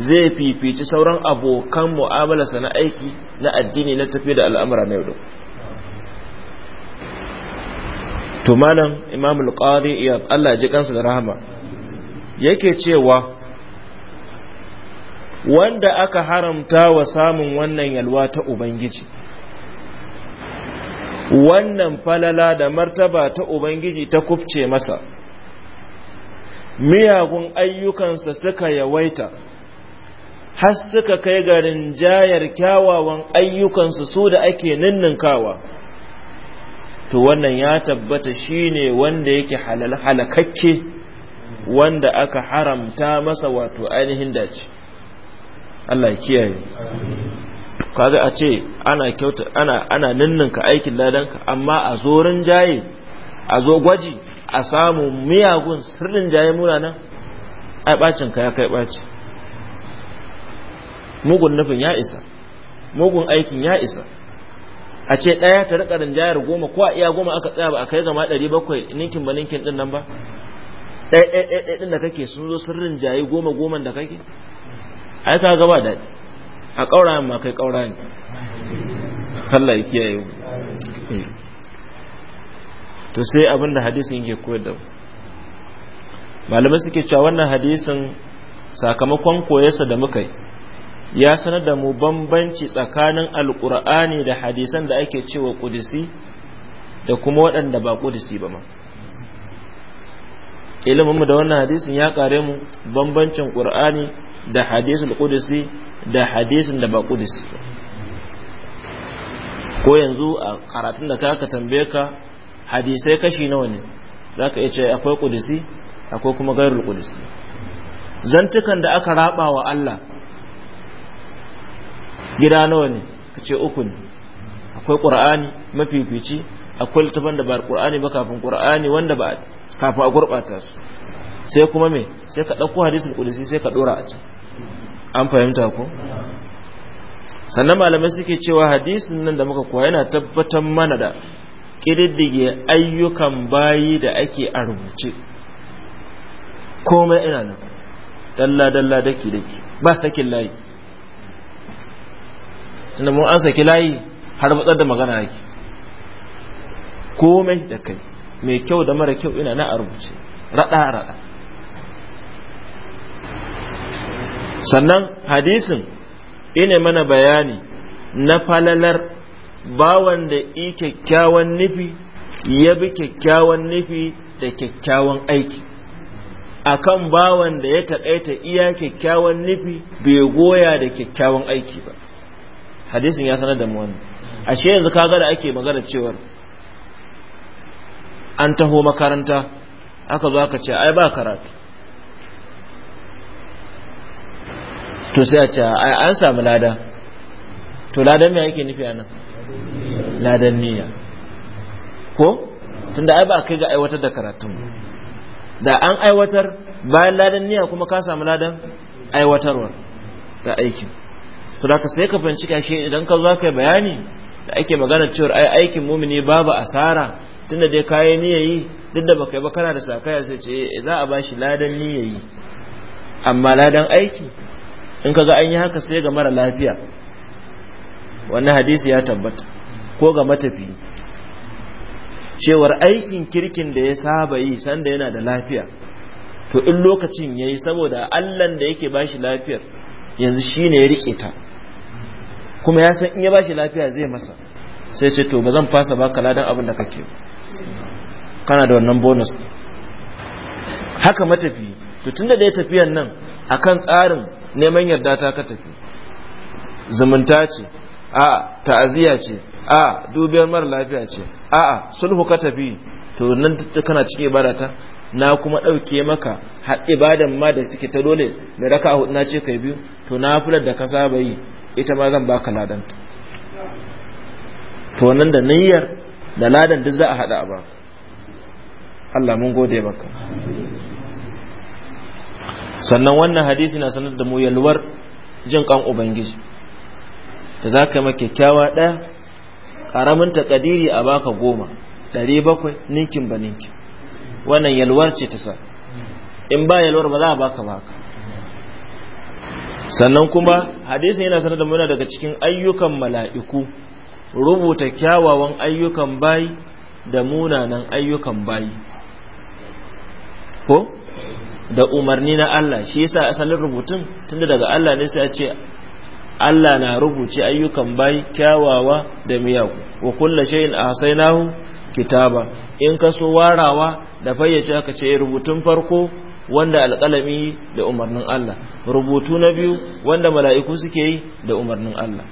zai fifici sauran abokan mu'amalarsa na aiki na addini na tafi da al'amura na yau da to malam imam al-qadi ya Allah ji kansa da rahama yake cewa wanda aka haramta wa samun wannan yalwa ta ubangiji wannan falala da martaba ta ubangiji ta kufce masa miyagun ayyukansa suka yawaita har suka kai garin jayar kyawawan ayyukansu su da ake ninninkawa to wannan ya tabbata shine wanda yake halal halakakke wanda aka haramta masa wato ainihin dace Allah ya kiyaye kaga a ce ana kyauta ana ana ninninka aikin ladanka amma a zo jaye a zo gwaji a samu miyagun sirrin jaye nan ai bacin ka ya kai baci mugun nufin ya isa mugun aikin ya isa a ce ɗaya ta riƙa rinjayar goma ko a iya goma aka tsaya ba a kai gama ɗari bakwai ninkin ba ninkin ɗin nan ba ɗaya ɗaya ɗin da kake sun zo sirrin jaye goma goman da kake ai ka gaba daɗi a ƙaura ma kai ƙaura ne Allah ya kiyaye mu to sai abin hadisin yake koyar da malamai suke cewa wannan hadisin sakamakon koyarsa da muka yi ya sanar da mu bambanci tsakanin Alƙur'ani da hadisan da ake cewa kudisi da kuma waɗanda ba kudisi ba ma iliminmu da wannan hadisin ya kare mu bambancin ƙur'ani da hadisul qudsi da hadisin da ba qudsi ko yanzu a karatun da ka tambaye ka hadisai kashi nawa ne zaka iya ce akwai qudsi akwai kuma gairul qudsi zantukan da aka raba wa Allah gida nawa ne kace uku ne akwai qur'ani mafifici akwai littafin da ba qur'ani ba kafin qur'ani wanda ba kafin a gurbata su sai kuma me sai ka dauko hadisul qudsi sai ka dora a can an fahimta ko sannan malamai suke cewa hadisin nan da muka kuwa yana tabbatar mana da ƙididdige ayyukan bayi da ake a rubuce komai ina nan dalla-dalla daki-daki ba sakin layi inda mu an saki layi har matsar da magana yake komai da kai mai kyau da mara kyau ina na a rubuce raɗa-raɗa sannan hadisin ina mana bayani na falalar bawan da i kyakkyawan nufi ya bi kyakkyawan nufi da kyakkyawan aiki akan bawan da ya taƙaita iya kyakkyawan nufi bai goya da kyakkyawan aiki ba hadisin ya sanar da mu wannan ashe yanzu kaga da ake magana cewar an taho makaranta aka zo aka ce ai ba karatu to sai a ce an samu lada to ladan me yake nufi anan ladan niyya ko tunda ai ba kai ga aiwatar da karatun da an aiwatar bayan ladan niyya kuma ka samu ladan aiwatarwa da aikin to da ka sai ka fahimci kashe idan ka zo kai bayani da ake magana cewa ai aikin mumini babu asara tunda dai kayi niyayi duk da baka yi ba kana da sakaya sai ce eh, za a bashi ladan yi amma ladan aiki in ka ga an yi haka sai ga mara lafiya wannan hadisi ya tabbata ko ga matafi cewar aikin kirkin da ya saba yi sanda yana da lafiya to in lokacin ya yi saboda allan da yake ba shi lafiyar yanzu shi ne ya riƙe ta kuma ya san in ya ba shi lafiya zai masa sai ce to ba zan fasa baka ladan abin da kake kana da wannan bonus haka matafi to tunda da ya tafiyan nan akan tsarin neman yarda ta ka tafi zumunta ce a ta'aziyya ce a dubiyar mara lafiya ce a a sulhu ka tafi to nan kana cikin ibada ta na kuma ɗauke maka har ibadan ma da take ta dole da raka hudu na ce kai biyu to na fular da ka saba yi ita ma zan baka ta to nan da niyyar da ladan duk za a haɗa ba. Allah mun gode maka sannan wannan hadisi na sanar da mu yalwar jin kan ubangiji da za ka maka kyakkyawa ɗaya ƙaramin taƙadiri a baka goma ɗari bakwai ninkin ba ninkin wannan yalwar ce ta sa in ba yalwar ba za a baka baka sannan kuma hadisin yana sanar da mu yana daga cikin ayyukan mala'iku rubuta kyawawan ayyukan bayi da munanan ayyukan bayi ko da umarni na Allah shi yasa asalin rubutun tunda daga Allah ne sai a ce Allah na rubuce ayyukan bai kyawawa da miyagu wa kullu shay'in ahsaynahu kitaba in ka so warawa da fayyace aka ce eh, rubutun farko wanda alƙalami da umarnin Allah rubutu na biyu wanda mala'iku suke yi da umarnin Allah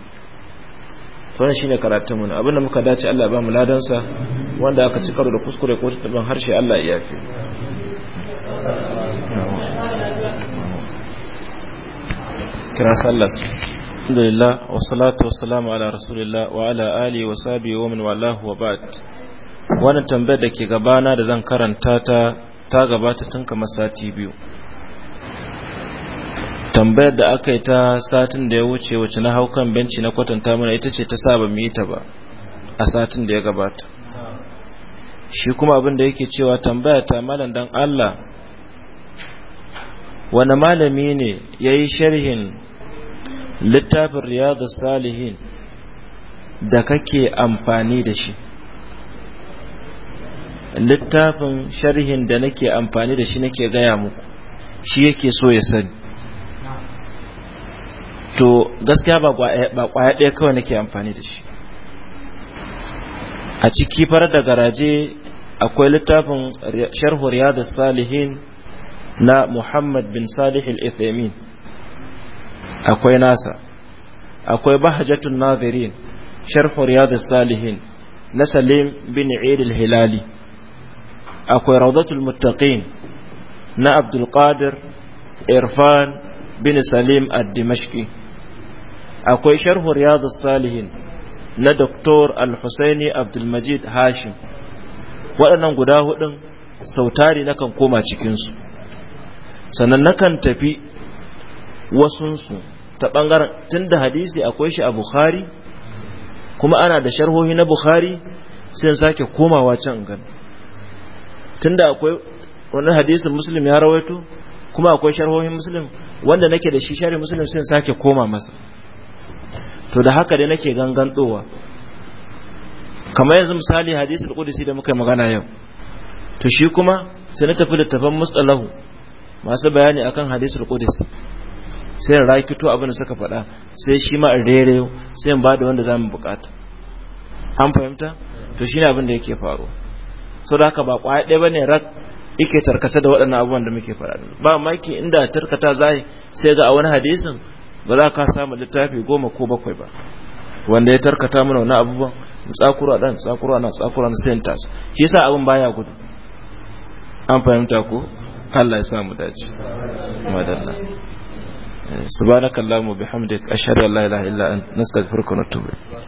to shi ne karatun mu abinda muka dace Allah ba mu ladansa wanda aka ci da kuskure ko tabban harshe Allah ya yafe kira sallas alhamdulillah wa salatu ala rasulillah wa ala wa sahbihi wa walahu wa ba'd wannan tambayar da ke gabana da zan karanta ta ta gabata tun kamar sati biyu tambayar da aka yi ta satin da ya wuce wacce na hau kan benci na kwatanta mana ita ce ta saba mu yi ta ba a satin da ya gabata shi kuma abin da yake cewa tambaya ta malam dan Allah wani malami ne ya yi sharhin littafin riyadu salihin da kake amfani da shi littafin sharhin da nake amfani da shi nake gaya muku shi yake so ya sani to gaskiya ba kwaya ɗaya kawai nake amfani da shi a ciki farar da garaje akwai littafin sharhu riyadu salihin na Muhammad bin Salih al-Ithaymin akwai nasa akwai Bahjatun Nazirin sharh Riyadus Salihin na Salim bin Eid al-Hilali akwai Rawdatul Muttaqin na Abdul Qadir Irfan bin Salim ad-Dimashqi akwai sharh Riyadus Salihin na Dr. Al-Husaini Abdul Majid Hashim waɗannan guda hudun sautari nakan koma cikinsu sannan nakan tafi wasunsu ta ɓangaren tun da hadisi akwai shi a bukhari kuma ana da sharhohi na bukhari sai sake komawa can gan tun da akwai wani hadisin muslim ya rawaito kuma akwai sharhohin muslim wanda nake da shi shari muslim sai sake koma masa to da haka dai nake dowa kamar yanzu misali hadisin qudsi da muka yi magana yau to shi kuma sai na tafi da tafan mustalahu masu bayani akan hadisul qudus sai rakito abin da suka faɗa sai shi ma rere sai in bada wanda zamu bukata an fahimta to shine abin da yake faru so da haka ba kwaya ɗaya bane rak yake tarkata da waɗannan abubuwan da muke faɗa ba maki inda tarkata zai sai ga a wani hadisin ba za ka samu littafi goma ko bakwai ba wanda ya tarkata mana wani abubuwan tsakura ɗan tsakura na tsakura na sentas shi yasa abin baya gudu an fahimta ko Allah ya samu dace madalla eh, subhanakallahumma bihamdika ashhadu an la ilaha illa anta nastaghfiruka wa natubu